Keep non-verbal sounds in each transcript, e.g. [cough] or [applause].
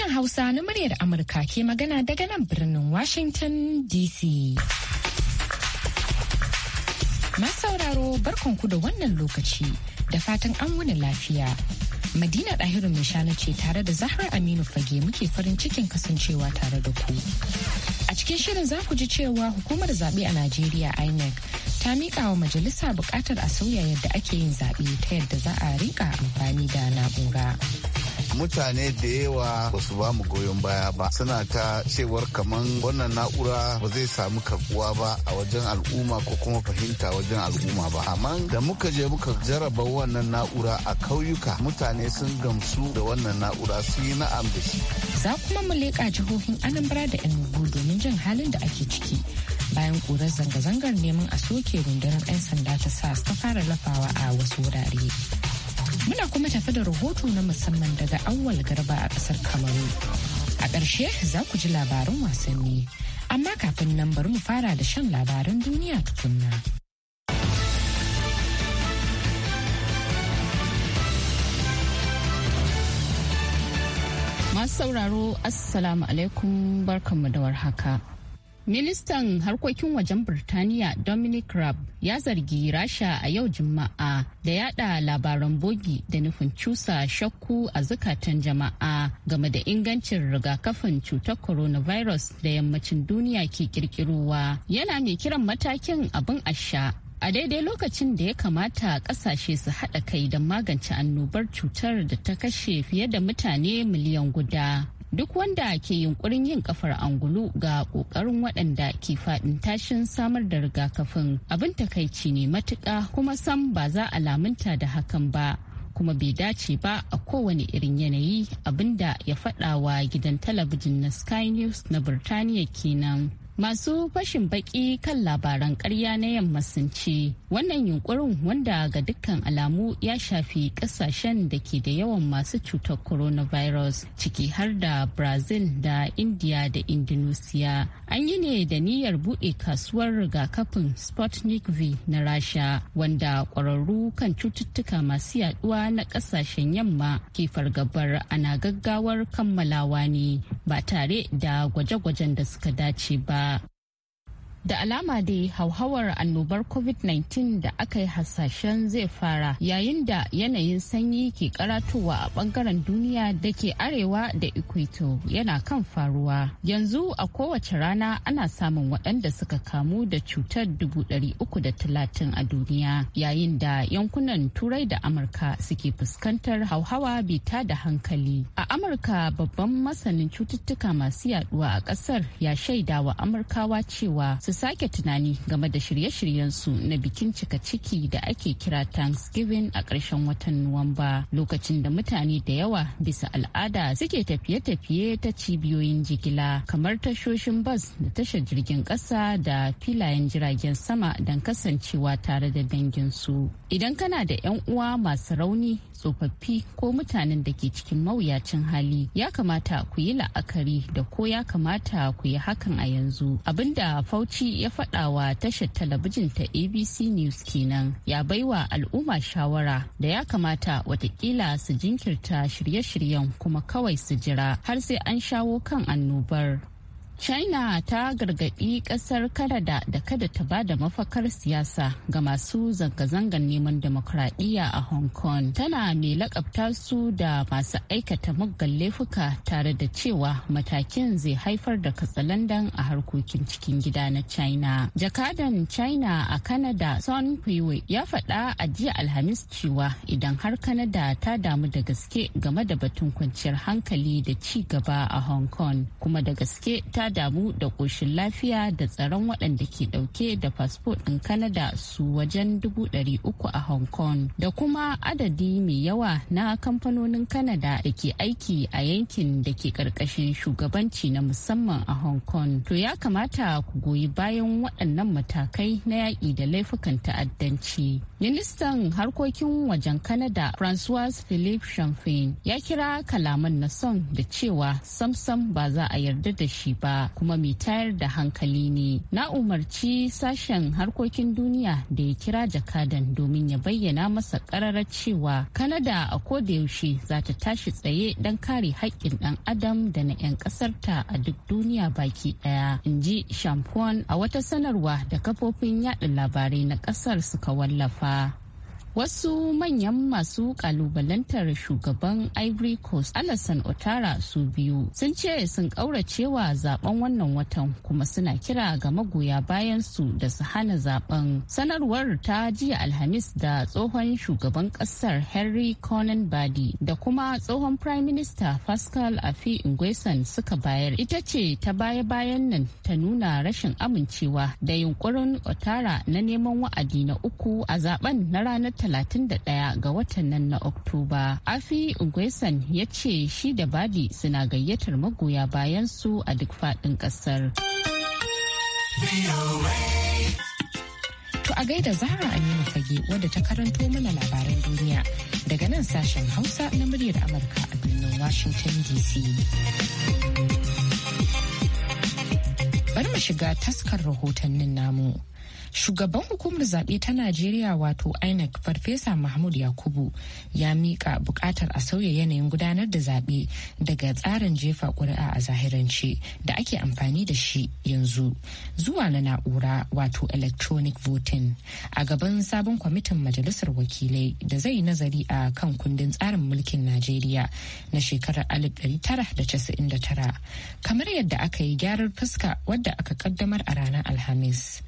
Sashen Hausa na muryar Amurka ke magana daga nan birnin Washington DC. sauraro ku da wannan lokaci da fatan an wuni lafiya. Madina Ɗahiru Mishana ce tare da Zahra Aminu Fage muke farin cikin kasancewa tare da ku. A cikin shirin za ku ji cewa hukumar zaɓe a Najeriya INEC ta miƙa wa majalisa buƙatar a sauya yadda ake yin zaɓe ta yadda za a riƙa amfani da na'ura. mutane da yawa ba su ba mu goyon baya ba suna ta cewar kamar wannan na'ura ba zai samu karbuwa ba a wajen al'umma ko kuma fahimta wajen al'umma ba amma da muka je muka jaraba wannan na'ura a kauyuka mutane sun gamsu da wannan na'ura su yi na'am da shi za kuma mu leƙa jihohin anambra da enugu domin jin halin da ake ciki bayan ƙurar zanga-zangar neman a soke rundunar 'yan sanda ta sas ta fara lafawa a wasu wurare Muna kuma tafi da rahoto na musamman daga awwal garba a ƙasar Kamaru. A ƙarshe za ku ji labarin wasanni. Amma kafin nan bari mu fara da shan labarin duniya tukunna. Masu sauraro, Assalamu alaikum barkanmu da warhaka. Ministan harkokin wajen Birtaniya Dominic Raab ya zargi Rasha a yau Juma'a da yada labaran bogi da nufin cusa shakku a zukatan jama'a game da ingancin rigakafin cutar coronavirus da yammacin duniya ke kirkirowa. Yana mai kiran matakin abin asha a daidai lokacin da ya kamata kasashe su haɗa kai don magance annobar cutar da ta kashe fiye da mutane miliyan guda duk wanda ke yunkurin yin kafar angulu ga ƙoƙarin waɗanda ke faɗin tashin samar da rigakafin abin takaici ne matuƙa kuma sam ba za a lamunta da hakan ba kuma bai dace ba a kowane irin yanayi abinda ya faɗawa gidan talabijin na sky news na birtaniya kenan masu fashin baki kan labaran karya na yamma sun ce wannan yunkurin wanda ga dukkan alamu ya shafi kasashen da ke da yawan masu cutar coronavirus ciki har da brazil da india da indonesia an yi ne da niyyar buɗe kasuwar rigakafin sputnik v na rasha wanda ƙwararru kan cututtuka masu yaduwa na kasashen yamma ke fargabar ana gaggawar kammalawa ne ba tare da gwaje-gwajen da suka dace ba da alama dai hauhawar annobar covid-19 da aka yi hasashen zai fara yayin da yanayin sanyi ke karatowa a bangaren duniya da ke arewa da ikwito yana kan faruwa yanzu a kowace rana ana samun waɗanda suka kamu da cutar 330 a duniya yayin da yankunan turai da amurka suke fuskantar hauhawa bita da hankali a amurka babban masanin cututtuka masu yaduwa a ƙasar ya shaidawa amurkawa cewa su sake tunani game da shirye shiryen su na bikin cika ciki da ake kira Thanksgiving a ƙarshen watan Nuwamba lokacin da mutane da yawa bisa al'ada suke tafiye-tafiye ta cibiyoyin jigila kamar tashoshin bas da tashar jirgin ƙasa da filayen jiragen sama don kasancewa tare da danginsu. Idan kana da 'yan uwa masu rauni tsofaffi ko mutanen da ke cikin mawuyacin hali ya kamata ku yi la'akari da ko ya kamata ku yi hakan a yanzu abinda fauci ya faɗa wa tashar talabijin ta abc news kenan ya baiwa al'umma shawara da ya kamata watakila su jinkirta shirye-shiryen kuma kawai su jira har sai an shawo kan annobar china ta gargaɗi ƙasar kanada da kada ta ba da mafakar siyasa ga masu zanga-zangar neman demokradiyya a hong kong tana mai lakabta su da masu aikata muggan laifuka tare da cewa matakin zai haifar da katsalandan a harkokin cikin gida na china jakadan china a kanada sun huiwei ya faɗa a jiya alhamis cewa idan har kanada ta damu da gaske game da batun kwanciyar hankali da ci gaba a hong kong kuma da gaske ta damu da koshin lafiya da tsaron waɗanda ke ɗauke da fasfo ɗin Kanada su wajen dubu ɗari uku a Hong Kong da kuma adadi mai yawa na kamfanonin Kanada da ke aiki a yankin da ke ƙarƙashin shugabanci na musamman a Hong Kong. To ya kamata ku goyi bayan waɗannan matakai na yaƙi da laifukan ta'addanci. Ministan harkokin wajen Kanada Francois Philippe Champagne ya kira kalaman na son da cewa samsam ba za a yarda da shi ba. kuma mai tayar da hankali ne na umarci sashen harkokin duniya da ya kira jakadan domin ya bayyana masa kararar cewa kanada a kodayaushe za ta tashi tsaye don kare haƙƙin ɗan adam da na 'yan ƙasarta a duk duniya baki ɗaya in ji a wata sanarwa da kafofin yada labarai na ƙasar suka wallafa wasu manyan masu kalubalantar shugaban ivory coast alasan otara su biyu sun ce sun kauracewa zaben wannan watan kuma suna kira ga magoya bayan su da su hana zaben sanarwar ta jiya alhamis da tsohon shugaban kasar henry conan badi da kuma tsohon prime minister pascal afi ingwesan suka bayar ita ce ta baya bayan nan ta nuna rashin amincewa da yunkurin otara na neman wa'adi na uku a zaben na ranar 31 ga watan nan na Oktoba. Afi Ungwesan ya ce shi da Badi suna gayyatar magoya bayan su a duk faɗin ƙasar. To a gaida Zahra Aminu Fage wadda ta karanto mana labaran duniya daga nan sashen Hausa na muryar Amurka a birnin Washington DC. Bari mu shiga taskar rahotannin namu. Shugaban hukumar zaɓe ta Najeriya wato INEC Farfesa Mahmud Yakubu ya miƙa buƙatar a sauya yanayin gudanar da zaɓe daga tsarin jefa ƙuri'a a zahirance da ake amfani da shi yanzu zuwa na na'ura wato electronic voting a gaban sabon kwamitin majalisar wakilai da zai nazari a kan kundin tsarin mulkin Najeriya na shekarar 1999 kamar yadda aka yi gyarar fuska wadda aka ƙaddamar a ranar Alhamis.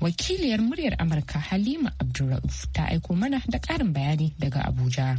wakiliyar muryar amurka halima abdulrauf ta aiko mana da ƙarin bayani daga abuja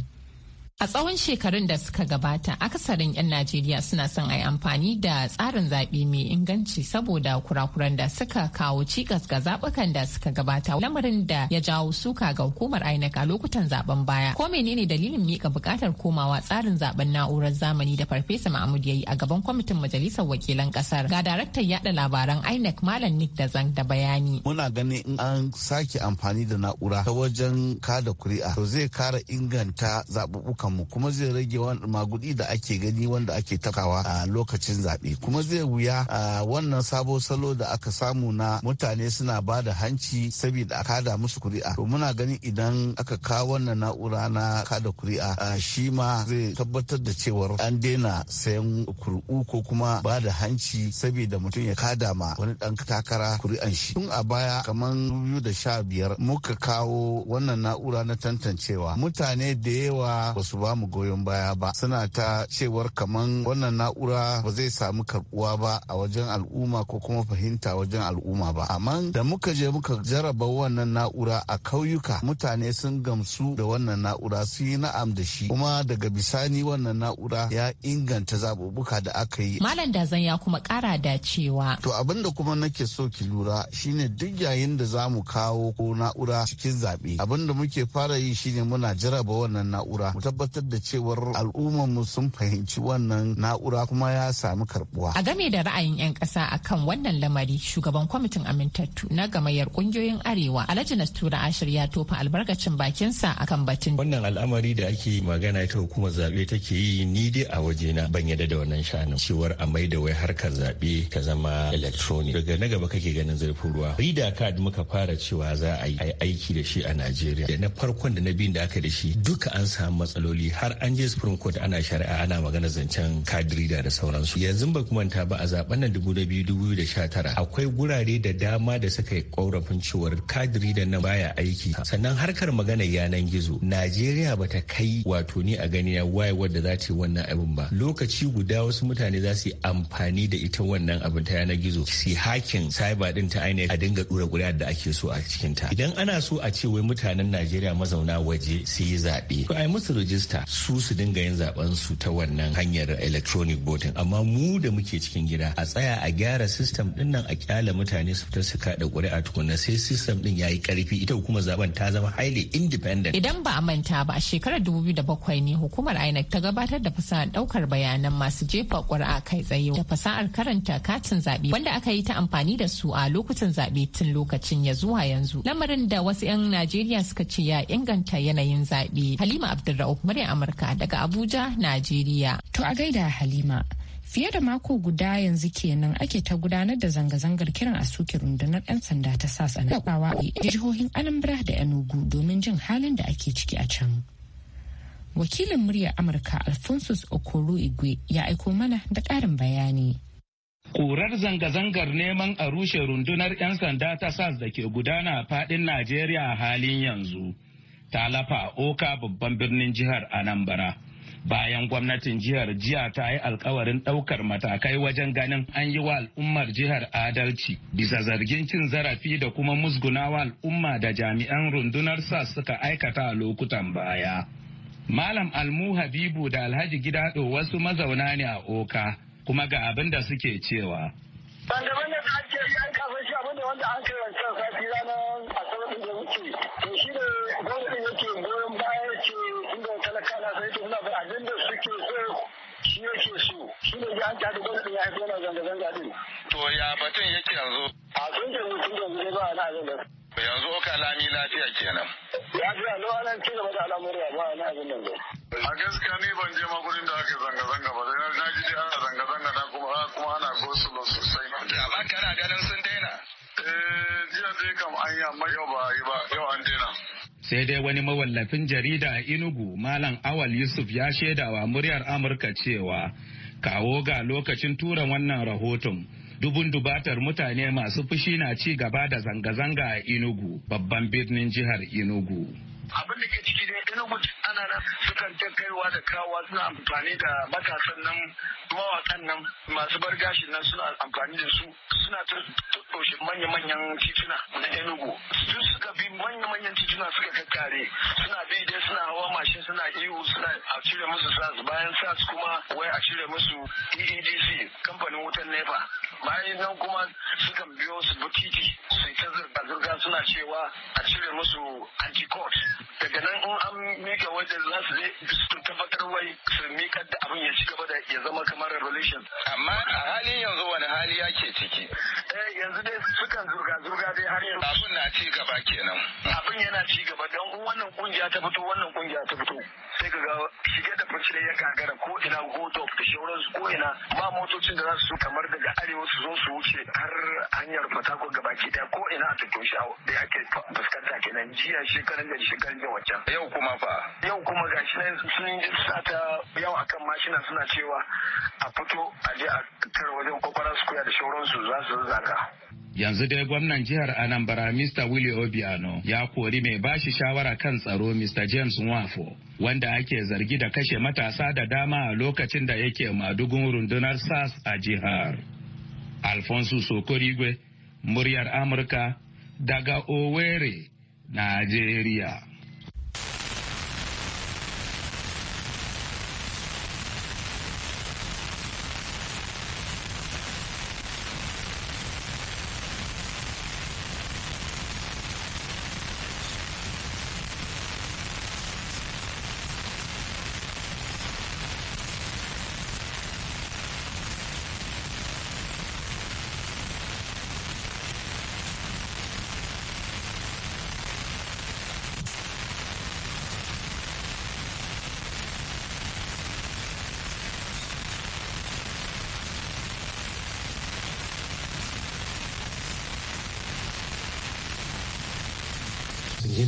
A tsawon shekarun da suka gabata, akasarin 'yan Najeriya suna son a yi amfani da tsarin zaɓe mai inganci saboda kurakuran da suka kawo cikas ga zaɓukan da suka gabata lamarin da ya jawo suka ga hukumar INEC a lokutan zaben baya. Ko menene dalilin mika buƙatar komawa tsarin zaben na'urar zamani da Farfesa Mahmud ya yi a gaban kwamitin majalisar wakilan ƙasar ga daraktan yaɗa labaran INEC Malam Nick da Zang da bayani. Muna ganin in an sake amfani da na'ura ta wajen kada kuri'a to zai kara inganta zaɓuɓɓukan samu kuma zai rage magudi da ake gani wanda ake takawa a lokacin zaɓe kuma zai wuya a wannan sabo salo da aka samu na mutane suna ba da hanci saboda a kada musu kuri'a to muna ganin idan aka kawo wannan na'ura na kada kuri'a shi ma zai tabbatar da cewar an daina sayan kuri'u ko kuma ba da hanci saboda mutum ya kada ma wani dan takara kuri'an shi tun a baya kamar biyu da sha biyar muka kawo wannan na'ura na tantancewa mutane da yawa ba su ba mu goyon baya ba suna ta cewar kamar wannan na'ura ba zai samu karbuwa ba a wajen al'umma ko kuma fahimta wajen al'umma ba amma da muka je muka jaraba wannan na'ura a kauyuka mutane sun gamsu da wannan na'ura su yi na'am da shi kuma daga bisani wannan na'ura ya inganta zaɓuɓɓuka da aka yi malam da zan ya kuma kara da cewa to abin da kuma nake so ki lura shine duk yayin da za mu kawo ko na'ura cikin zaɓe abin da muke fara yi shine muna jaraba wannan na'ura mu tabbatar da cewar mu sun fahimci wannan na'ura kuma ya samu karbuwa. A game da ra'ayin 'yan ƙasa akan wannan lamari shugaban kwamitin amintattu na gamayyar ƙungiyoyin Arewa Alhaji Nastura Ashir ya tofa albarkacin bakinsa akan batun. Wannan al'amari da ake magana ita hukumar zaɓe take yi ni dai a wajena ban yadda da wannan shanin cewar a maida wai harkar zaɓe ta zama electronic daga na gaba kake ganin zurfin ruwa. Rida card muka fara cewa za a yi aiki da shi a Najeriya da na farkon da na biyun da aka da shi duka an samu matsaloli matsaloli har an je supreme court ana shari'a ana magana zancen kadirida da sauransu yanzu ba ku manta ba a zaben nan tara akwai gurare da dama da suka yi korafin cewar kadirida nan baya aiki sannan harkar magana yanan gizo najeriya ta kai wato ni a gani ya waye wadda za ta yi wannan abin ba lokaci guda wasu mutane za su yi amfani da ita wannan abin ta yanar gizo su hakin cyber din ta ainihin a dinga dura guda da ake so a cikin ta idan ana so a ce wai mutanen najeriya mazauna waje su yi zaɓe to ai musu rajista su su dinga yin zaben su ta wannan hanyar electronic voting amma mu da muke cikin gida a tsaya a gyara system din nan a kyala mutane su ta su kada ƙuri'a tukunna sai system din yayi karfi ita kuma zaben ta zama highly independent idan ba a manta ba a shekarar 2007 ne hukumar INEC ta gabatar da fasahar daukar bayanan masu jefa ƙuri'a kai tsaye da fasahar karanta katin zaɓe wanda aka yi ta amfani da su a lokutan zaɓe tun lokacin ya zuwa yanzu lamarin da wasu 'yan Najeriya suka ce ya inganta yanayin zaɓe Halima Abdulrahman muryar Amurka daga Abuja, Najeriya. To a gaida Halima. Fiye da mako guda yanzu kenan ake ta gudanar da zanga-zangar kiran a suke rundunar 'yan sanda ta sa kawa a jihohin Anambra da Enugu domin jin halin da ake ciki a can. Wakilin muryar Amurka Alphonsus Okoro Igwe ya aiko mana da ƙarin bayani. Kurar zanga-zangar neman a rushe rundunar 'yan sanda ta SAS da ke gudana a faɗin Najeriya a halin yanzu. ta lafa a oka babban birnin jihar anambra bayan gwamnatin jihar jiya ta yi alkawarin ɗaukar matakai wajen ganin an yi wa al'ummar jihar adalci bisa zargin cin zarafi da kuma musgunawa al'umma da jami'an rundunar sa suka aikata a lokutan baya malam almu habibu da alhaji gidado wasu mazauna ne a oka kuma ga abin da suke cewa. da ake yi an kasa shi abin da wanda an kai wancan ranar aiki to shi gwamnati yake goyon baya yake inda talaka na sai to da suke so shi yake so shi ne ya gwamnati ya haifo zanga-zanga din. to ya batun yake yanzu. a sun ke mutum yanzu ne ba na abin yanzu oka lami lafiya kenan. ya fi a nan ci gaba da al'amura ba na abin nan a gaskiya ni ban je magurin da ake zanga-zanga ba sai na ji dai ana zanga-zanga na kuma kuma ana gosulo sosai. amma kana ganin sun daina. eh jiya dai kam an yi amma yau ba sai dai wani mawallafin jarida a inugu malam awal yusuf ya shaidawa muryar amurka cewa kawo ga lokacin tura wannan rahoton dubun dubatar mutane masu fushi na ci gaba da zanga-zanga a inugu babban birnin jihar inugu abin da ke ciki ne inugu ana nan sukan ta kaiwa da kawa suna amfani da matasan nan mawakan nan masu bargashin nan suna amfani da su suna ta toshe manya-manyan tituna na enugu su suka bi manya-manyan tituna suka kakkare suna bi dai suna hawa mashin suna ihu suna a cire musu sas bayan sas kuma wai a cire musu eedc kamfanin wutan nefa bayan nan kuma sukan biyo su butiti su ta zirga-zirga suna cewa a cire musu anti-court daga nan in an mika wajen za su zai su tabbatar wai su miƙar da abin ya ci gaba da ya zama kamar revolution. Amma a halin yanzu wani hali ya ke ciki. Eh yanzu dai sukan zurga-zurga dai har yanzu. Abin na ci gaba kenan. Abin yana ci gaba don wannan kungiya ta fito wannan kungiya ta fito. Sai ka ga shige da fice ya gagara ko ina Goto da su ko ina ba motocin da za su kamar daga arewa su zo su wuce har hanyar fatako gaba daya ko ina a tuttun shi da ake fuskanta kenan jiya shekaran da shekaran da wancan yau kuma fa yau kuma gashi nan sun yi sata yau akan mashina suna cewa a fito a je a tara wajen su square da su za su zaka. yanzu dai gwamnan jihar anambra mr willy obiano ya kori mai bashi shawara kan tsaro mr james nwafo wanda ake zargi da kashe matasa da dama a lokacin da yake madugun rundunar Sars a jihar alfonso sokorigwe muryar amurka daga owerri nigeria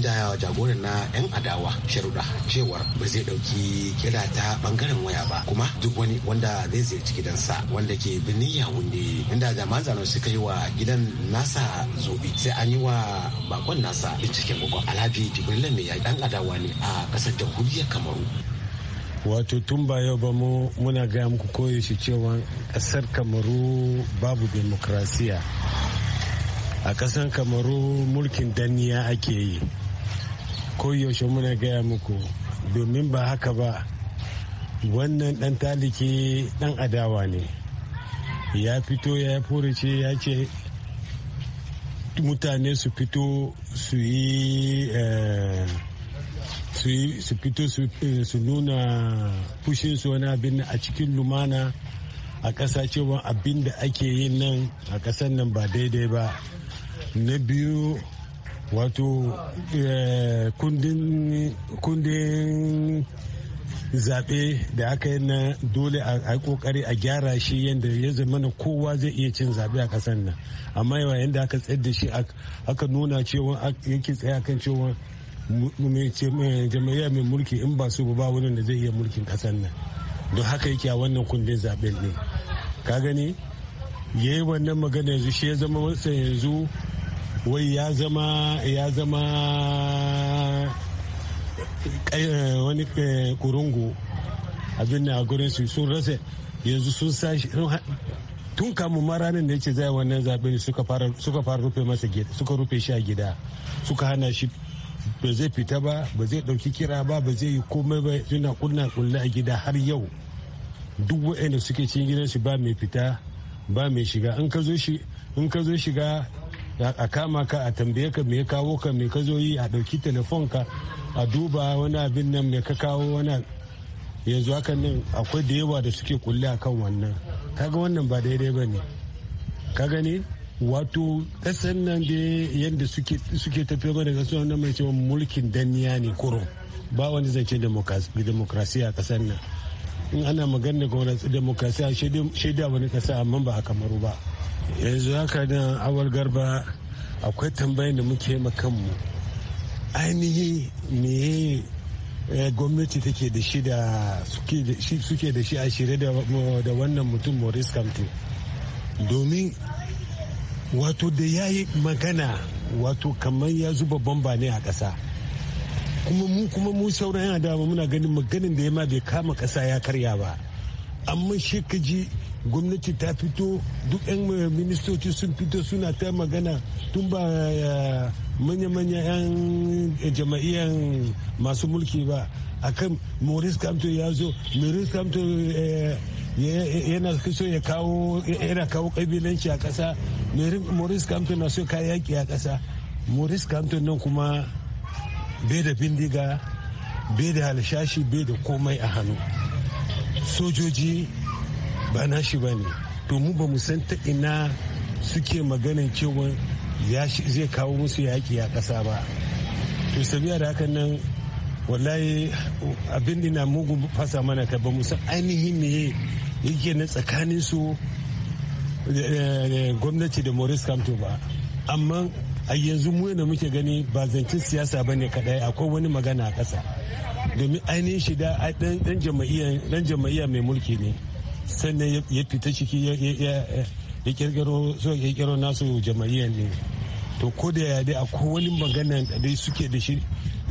gindayawa jagoran na 'yan adawa sharuɗa cewar ba zai ɗauki kira ta ɓangaren waya ba kuma duk wani wanda zai ziyarci gidansa wanda ke birnin yawunde inda jami'an tsaro suka yi wa gidan nasa zobe sai an yi wa bakon nasa binciken gwagwa alhaji jibrila mai ya ɗan adawa ne a ƙasar jamhuriyar kamaru wato tun ba yau ba mu muna gaya muku koyaushe cewa ƙasar kamaru babu demokrasiya a ƙasar kamaru mulkin danniya ake yi koyaushe muna gaya muku domin ba haka ba wannan dan taliki dan adawa ne ya fito ya furice ya ce mutane su fito su yi eh, su fito eh, su nuna fushinsu wani abin a cikin lumana a ƙasa cewa abin da ake yin nan a ƙasar nan ba daidai ba na biyu wato eh, kundin zaɓe da aka yi na dole a yi ƙoƙari a gyara shi yadda ya zama kowa zai iya cin zaɓe a ƙasar nan amma yawa yadda aka tsayar da shi aka nuna cewa yake tsaye kan cewa jam'iyyar mai mulki in ba su ba wani da zai iya mulkin ƙasar nan don haka yake a wannan kundin zaɓen ne ka gani ya yi wannan magana yanzu shi ya zama wansa yanzu wai ya zama ya zama eh, wani eh, kurungu abin na gurin su sun rasa yanzu sun sashi tun kamun maranin da ya ce zai wannan zaɓe ne suka fara rufe masa gida suka rufe shi a gida suka hana shi ba zai fita ba ba zai ɗauki kira ba ba zai yi komai ba suna kunna kulle a gida har yau duk waɗanda suke cin gidan su ba mai fita ba mai shiga in ka zo shiga a kama ka a tambaye ka me kawo ka me ka zo yi a ɗauki telefon ka a duba wani abin nan me ka kawo wani yanzu haka nan akwai da yawa da suke kulle a kan wannan kaga wannan ba daidai ba ne ka gani wato ƙasar nan da yadda suke tafiya ba daga suna mai cewa mulkin danniya ne kurum ba wani zance demokrasiya a ƙasar nan in ana maganar gwamnati demokrasiya shaida wani kasa amma ba a kamaru ba yanzu haka nan awal garba akwai tambayin da muke kanmu ainihi me eh, gwamnati take da shi da suke da shi a shirye da wannan mutum maurice kamto domin wato da ya yi magana wato kamar ya zuba bamba ne a ƙasa kuma mu kuma mu sauran yana dama muna ganin maganin da ya ma bai kama kasa ya karya ba amma shi ka ji gwamnati ta fito duk 'yan eh, ministoci sun fito suna ta magana tun ba eh, manya-manya 'yan eh, jama'iyyar masu mulki ba akan maurice kamto ya zo maurice kamto yana so ya kawo yana kawo kabilanci a kasa maurice kamto na so ka yaki a kasa maurice kamto nan kuma bai da bindiga bai da halshashi bai da komai a hannu sojoji ba nashi ba ne domin ba mu san ta ina suke maganin cewa zai kawo musu yaƙi a ƙasa ba to sabiya da hakan nan wallahi abin dina mugun fasa mana ka ba san ainihin ne yake na tsakanin su eh, eh, gwamnati da maurice kamto ba amma a yanzu mu da muke gani ba zancen siyasa ba ne kadai akwai wani magana a ƙasa domin ainihin shi da dan jama'iyya mai mulki ne sannan ya fita ciki ya kirkiro nasu jama'iyya ne to ko da ya dai akwai wani magana da suke da shi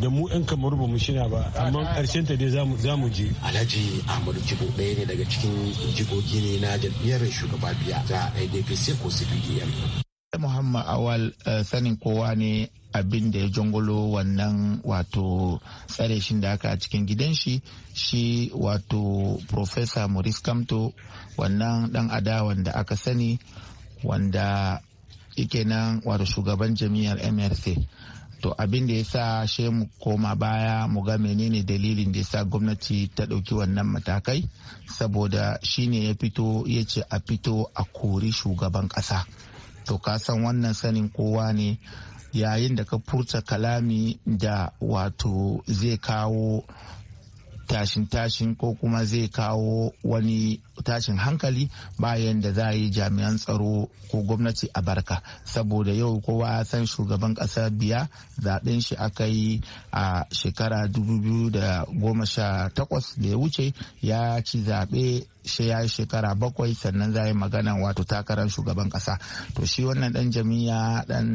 da mu 'yan kamar ba mu shina ba amma karshen ta dai za mu je alhaji ahmadu jibo ɗaya ne daga cikin jigogi ne na jam'iyyar shugaba biya ta idp sai ko cpdm Muhammad Awal eh, sanin kowa ne abin da ya jongolo wannan wato tsare shi da aka a cikin gidan shi shi wato Professor Maurice Kamto wannan dan adawan da aka sani wanda yake nan wato shugaban jami'ar MRC. to abin da ya sa shi mu koma baya mu ga menene dalilin da ya sa gwamnati ta ɗauki wannan matakai saboda shine ya fito ya ce a fito a kori shugaban ƙasa to ka san wannan sanin kowa ne yayin da ka furta kalami da wato zai kawo tashin-tashin ko kuma zai kawo wani tashin hankali bayan da za yi jami'an tsaro ko gwamnati a barka saboda yau kowa san shugaban ƙasa biya zaɓen shi aka yi a shekara 2018 da ya wuce ya ci zaɓe shi ya shekara bakwai sannan za yi magana wato takarar shugaban ƙasa to shi wannan ɗan jami'a ɗan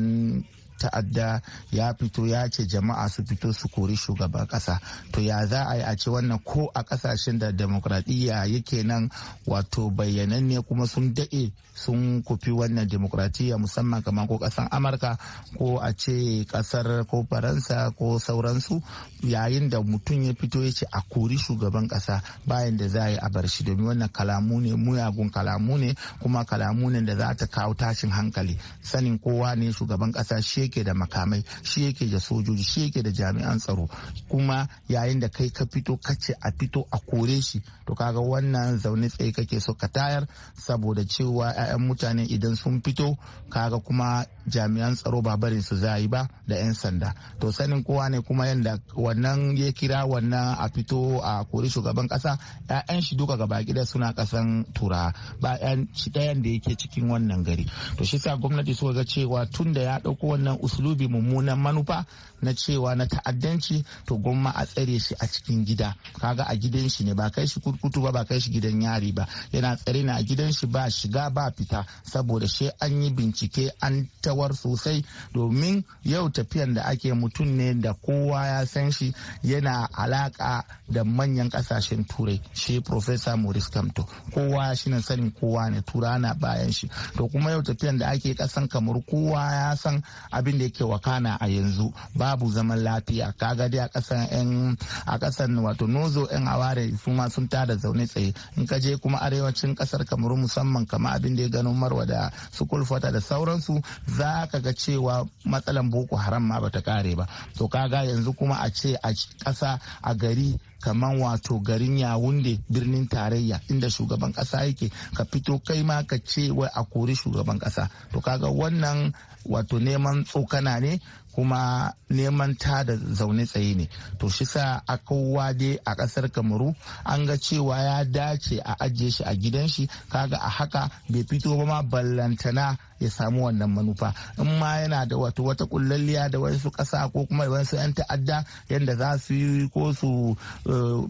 ta'adda ya fito ya ce jama'a su fito su kori shugaban kasa to ya za a yi a ce wannan ko a kasashen da demokradiyya yake nan wato ne kuma sun dade sun kufi wannan demokradiyya musamman kamar ko kasan amurka ko a ce kasar ko faransa ko sauransu yayin da mutum ya fito ya ce a kori shugaban kasa bayan da za a yi a bar shi domin wannan kalamu ne muyagun kalamu ne kuma kalamu ne da za ta kawo tashin hankali sanin kowa ne shugaban kasa shi yake da makamai shi yake da sojoji shi yake da jami'an tsaro kuma yayin da kai ka fito ka ce a fito a kore shi to kaga wannan zaune tsaye kake so ka tayar saboda cewa 'ya'yan mutane idan sun fito kaga kuma jami'an tsaro ba barin su za ba da 'yan sanda to sanin kowa ne kuma yadda wannan ya kira wannan a fito a kore shugaban kasa 'ya'yan shi duka gaba gida suna kasan tura ba 'yan shi ɗayan da yake cikin wannan gari to shi sa gwamnati suka ga cewa tun da ya ɗauko wannan uslubi mummunan manufa na cewa na ta'addanci to gwamma a tsare shi a cikin gida kaga a gidan shi ne ba kai shi kurkutu ba ba kai shi gidan yari ba yana tsare na a gidan shi ba shiga ba fita saboda shi an yi bincike an tawar sosai domin yau tafiyan da ake mutum ne da kowa ya san shi yana alaka da manyan kasashen turai shi professor maurice kamto kowa shi na sanin kowa ne tura na bayan shi to kuma yau tafiyan da ake kasan kamar kowa ya san abin abin da yake wakana a yanzu babu zaman lafiya kaga dai a kasan yan a kasan wato nozo yan aware su ma sun tada zaune tsaye in ka je kuma arewacin kasar kamaru musamman kama abin da ya gano marwa da su kulfata da sauransu za ka ga cewa matsalan boko haram ma bata kare ba to kaga yanzu kuma a ce a kasa a gari kamar wato garin yawunde birnin tarayya inda shugaban kasa yake ka fito kai ma ka ce wai a kori shugaban kasa to kaga wannan wato neman tsokana ne kuma neman ta da zaune tsaye ne to shi sa a kowa dai a kasar kamaru an ga cewa ya dace a ajiye shi a gidan shi kaga a haka bai fito ba ma ballantana ya samu wannan manufa in ma yana da wato wata kullalliya da wasu kasa ko kuma wasu 'yan ta'adda yadda za su yi ko su eh,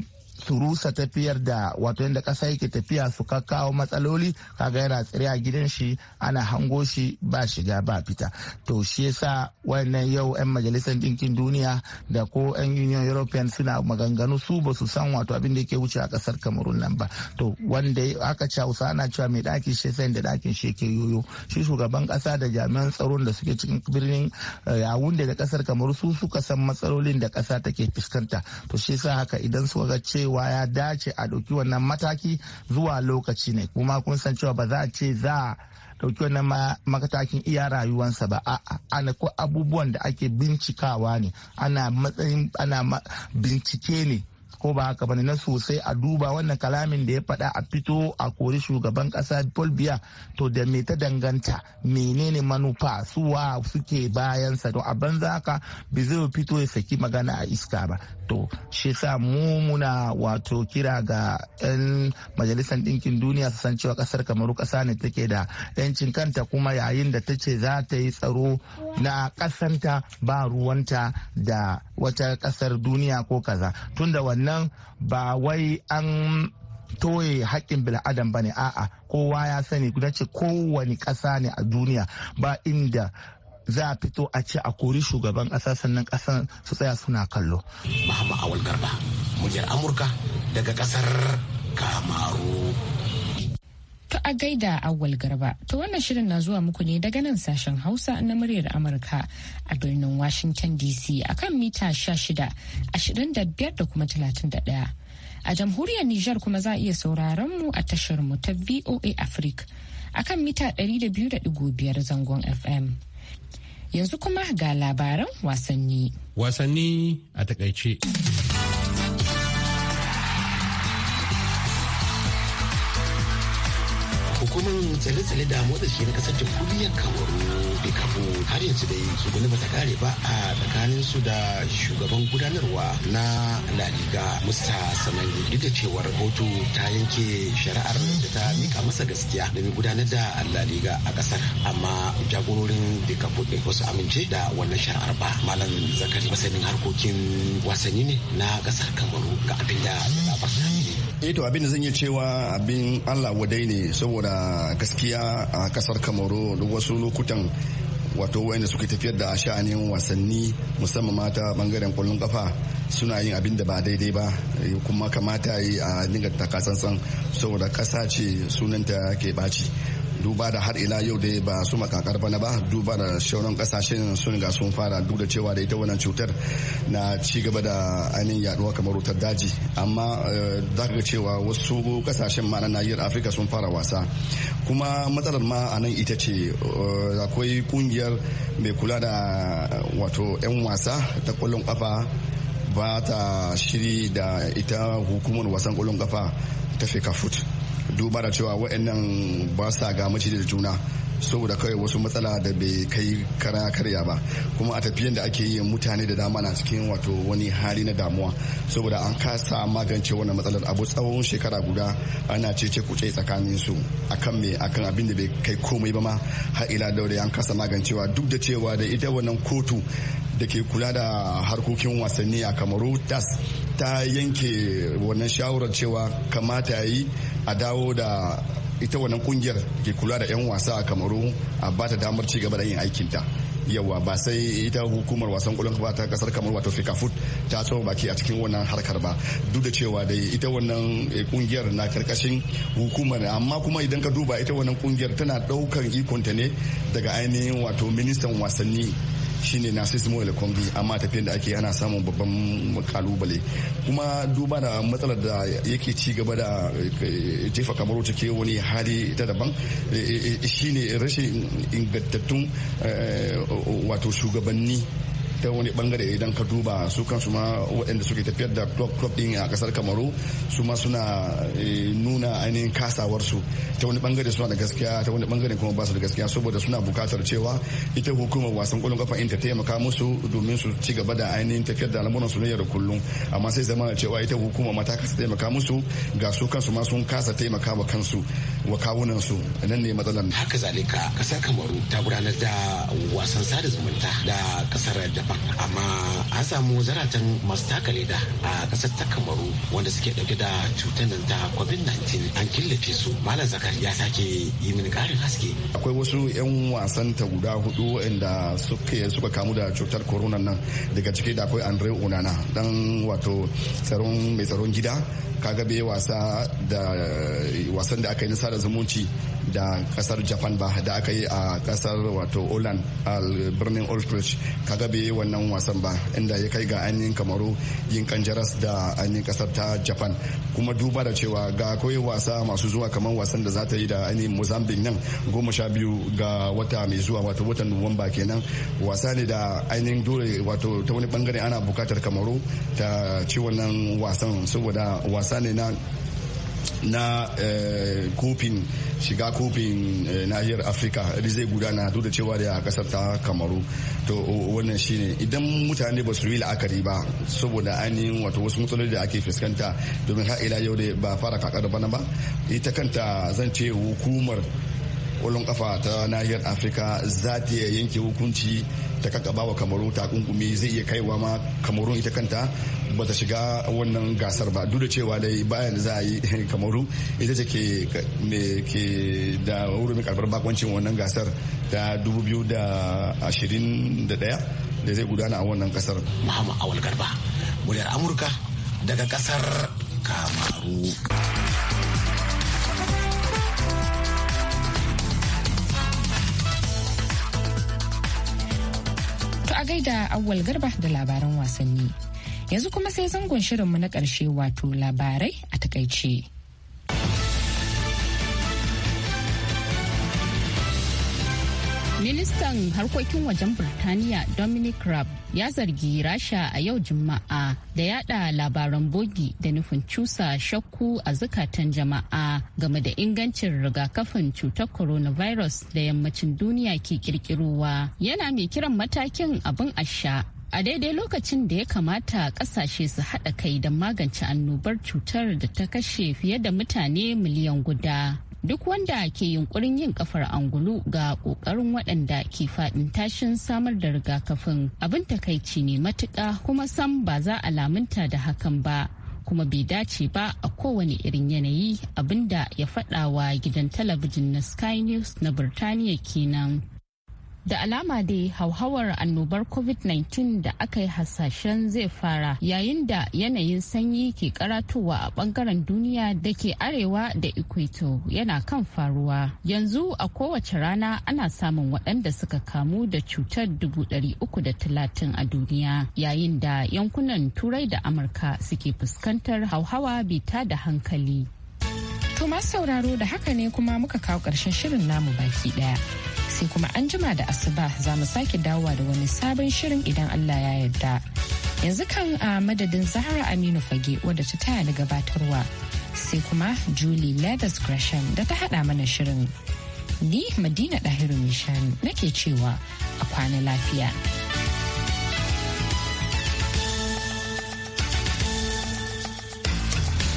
su tafiyar da wato yadda kasa yake tafiya su kawo matsaloli kaga yana tsire a gidan shi ana hango shi ba shiga ba fita to shi yasa wannan yau 'yan majalisar ɗinkin duniya da ko 'yan union european suna maganganu su ba su san wato abin da yake wuce a kasar kamarun nan ba to wanda aka ci hausa ana cewa mai ɗakin shi sai da ɗakin shi ke yoyo shi shugaban kasa da jami'an tsaron da suke cikin birnin eh, yawun da kasar kamaru su suka san matsalolin da kasa take fuskanta to shi yasa haka idan suka ga cewa cewa ya dace a ɗauki wannan mataki zuwa lokaci ne kuma kun san cewa ba za ce za ɗauki wannan matakin iya rayuwansa ba ana ko abubuwan da ake bincikawa ne ana matsayin ana bincike ne ko ba haka bane na sosai a duba wannan kalamin da ya faɗa a fito a kori shugaban ƙasa Paul Biya to da me ta danganta menene manufa suwa suke bayansa to a banza haka bi zai fito ya saki magana a iska ba to shi sa mu muna wato kira ga 'yan majalisar ɗinkin duniya su san cewa ƙasar kamaru ƙasa ne take da 'yancin kanta kuma yayin da ta ce za ta yi tsaro na ƙasanta ba ruwanta da wata ƙasar duniya ko kaza tunda wannan nan ba wai an toye haƙƙin bil'adam ba ne a'a kowa ya sani guda ce kowane ƙasa ne a duniya ba inda za a fito a ce a kori shugaban ƙasa sannan ƙasar su tsaya suna kallo. Mahama Awal Garba, muryar Amurka daga ƙasar Kamaru. ta a gaida awwal garba, ta wannan shirin na zuwa muku ne daga nan sashen Hausa na muryar Amurka a birnin Washington DC akan mita 16, 25 da kuma 31. A jamhuriyar Nijar kuma za a iya sauraron mu a tashar mu ta VOA Africa akan mita 200.5 zangon FM. Yanzu kuma ga labaran wasanni. Wasanni a takaice. hukumar tsale-tsale da motsa shi na kasar jamhuriyar kamaru bai kafu har yanzu dai ba bata kare ba a tsakanin su da shugaban gudanarwa na laliga. musta duk da cewar hoto ta yanke shari'ar da ta mika masa gaskiya domin gudanar da laliga a kasar amma jagororin bai kafu wasu amince da wannan shari'ar ba malam zakari masanin harkokin wasanni ne na kasar kamaru ga abin da ya eh abin da zan iya cewa abin allah wadai ne saboda gaskiya a kasar kamaru duk wasu lokutan wato wayanda suke tafiyar da sha'anin wasanni musamman mata bangaren kwallon kafa suna yin abin da ba daidai ba eh, kuma kamata yi a dinga takatsantsan saboda kasa ce sunanta ke baci duba da har ila yau da ba su makakar bana ba duba da shauran kasashen sun ga sun fara duk da cewa da ita wannan cutar na ci gaba da ainihin yaduwa kamar wutar daji amma eh, za ga cewa wasu kasashen ma na nahiyar afirka sun fara wasa kuma matsalar ma a nan ita ce eh, akwai kungiyar mai kula da eh, wato 'yan wasa ta kwallon kafa ba ta shiri da ita hukumar wasan kwallon kafa ta feka foot duba da cewa waɗannan ba sa ga maciji da juna saboda kawai wasu matsala da bai kai kara karya ba kuma a tafiyan da ake yi mutane da dama na cikin wato wani hali na damuwa saboda an kasa magance wannan matsalar abu tsawon shekara guda ana ce kuce tsakanin su akan me akan abin da bai kai komai ba ma har ila daure an kasa magancewa duk da cewa da ita wannan kotu da ke kula da harkokin wasanni a kamaru tas ta yanke wannan shawarar cewa kamata ya yi a dawo da ita wannan kungiyar ke kula da 'yan wasa a kamaru a bata damar ci gaba da yin aikinta yawa ba sai ita hukumar wasan kwallon ba ta kasar kamar wato fikafut ta tsawon baki a cikin wannan harkar ba duk da cewa dai ita wannan eh, kungiyar na karkashin hukumar amma kuma idan ka duba ita wannan kungiyar tana daukan ikonta ne daga ainihin wato ministan wasanni shine na sai samuel kwambi amma tafiyan da ake ana samun babban kalubale kuma duba da matsalar da yake ci gaba da eh, jefa kamaru take wani hali ta daban eh, eh, shine rashin ingantattun wato shugabanni ta wani bangare idan ka duba su kansu ma waɗanda suke tafiyar da club club din a kasar kamaru su ma suna eh, nuna ainihin kasawarsu ta wani bangare suna da gaskiya ta wani bangare kuma ba su da gaskiya saboda suna bukatar cewa ita hukumar wasan kwallon kafa in ta taimaka musu domin su ci gaba da ainihin tafiyar da al'amuran su na yau da kullum amma sai zama cewa ita hukuma ma ta kasa taimaka musu ga su kansu ma sun kasa taimaka wa kansu wa kawunan su nan ne matsalar haka zalika kasar kamaru ta gudanar da wasan sada zumunta da kasar da ba amma an samu zaratan masu taka leda a kasar ta kamaru wanda suke dauke da cutar nan ta covid-19 an killace su malam zakar ya sake yi mini karin haske akwai wasu yan wasan ta guda hudu inda suke suka kamu da cutar corona nan daga ciki da akwai andre unana dan wato tsaron mai tsaron gida kaga bai wasa da wasan da aka yi na zumunci da kasar japan ba da aka yi a kasar wato oland a birnin old kaga bai wannan wasan ba inda ya kai ga ainihin kamaru yin kanjaras da ainihin kasar ta japan kuma duba da cewa ga akwai wasa masu zuwa kamar wasan da za ta yi da ainihin mozambique nan goma sha biyu ga wata mai zuwa wato watan nuwamba kenan wasa ne da ainihin dole wato ta wani bangare ana bukatar kamaru ta ci wannan wasan saboda wasa ne na na eh, kofin shiga kofin eh, nahiyar afirka da zai gudana duk da cewa da kasar ta kamaru to wannan shine idan mutane ba su yi la'akari ba saboda ainihin wato wasu matsaloli da ake fuskanta domin har ila yau da ba fara kakar bana ba ita kanta zan ce hukumar kwallon kafa ta nahiyar afirka za ta yanke hukunci ta kakaba bawa kamaru takunkumi zai iya kaiwa ma kamaru ita kanta ba ta shiga wannan gasar ba duk da cewa dai bayan za a yi [laughs] kamaru ita ce ke ke da wurin karbar bakoncin wannan gasar ta 2021 da zai gudana a wannan kasar muhammad awal garba muryar amurka daga kasar kamaru a gaida awwal garba da labaran wasanni. Yanzu kuma sai zangon shirinmu na ƙarshe wato labarai a takaice. Ministan harkokin wajen Birtaniya Dominic Raab ya zargi Rasha a yau Juma'a da yada labaran bogi da nufin cusa shakku a zukatan jama'a game da ingancin rigakafin cutar coronavirus da yammacin duniya ke kirkirowa. Yana mai kiran matakin abin asha a daidai lokacin da ya kamata kasashe su haɗa kai don magance annobar cutar da ta kashe fiye da mutane miliyan guda. duk wanda ke yunkurin yin kafar angulu ga kokarin waɗanda ke faɗin tashin samar da rigakafin abin takaici ne matuƙa kuma san ba za a lamunta da hakan ba kuma bai dace ba a kowane irin yanayi abinda ya faɗawa gidan talabijin na sky news na birtaniya kenan. Da alama dai hauhawar annobar COVID-19 da aka yi hasashen zai fara yayin da yanayin sanyi ke karatowa a bangaren duniya da ke arewa da Equator yana kan faruwa. Yanzu a kowace rana ana samun waɗanda suka kamu da cutar 330 a duniya yayin da yankunan Turai da Amurka suke fuskantar hauhawa bita da hankali. To sauraro da haka ne kuma muka kawo ƙarshen shirin namu baki ɗaya. sai kuma an jima da asuba za mu sake dawowa da wani sabon shirin idan Allah ya yarda. Yanzu kan a madadin Zahra Aminu Fage wadda ta taya da gabatarwa sai kuma Julie Leathers Gresham da ta haɗa mana shirin. Ni Madina Ɗahiru Mishani nake cewa a kwana lafiya.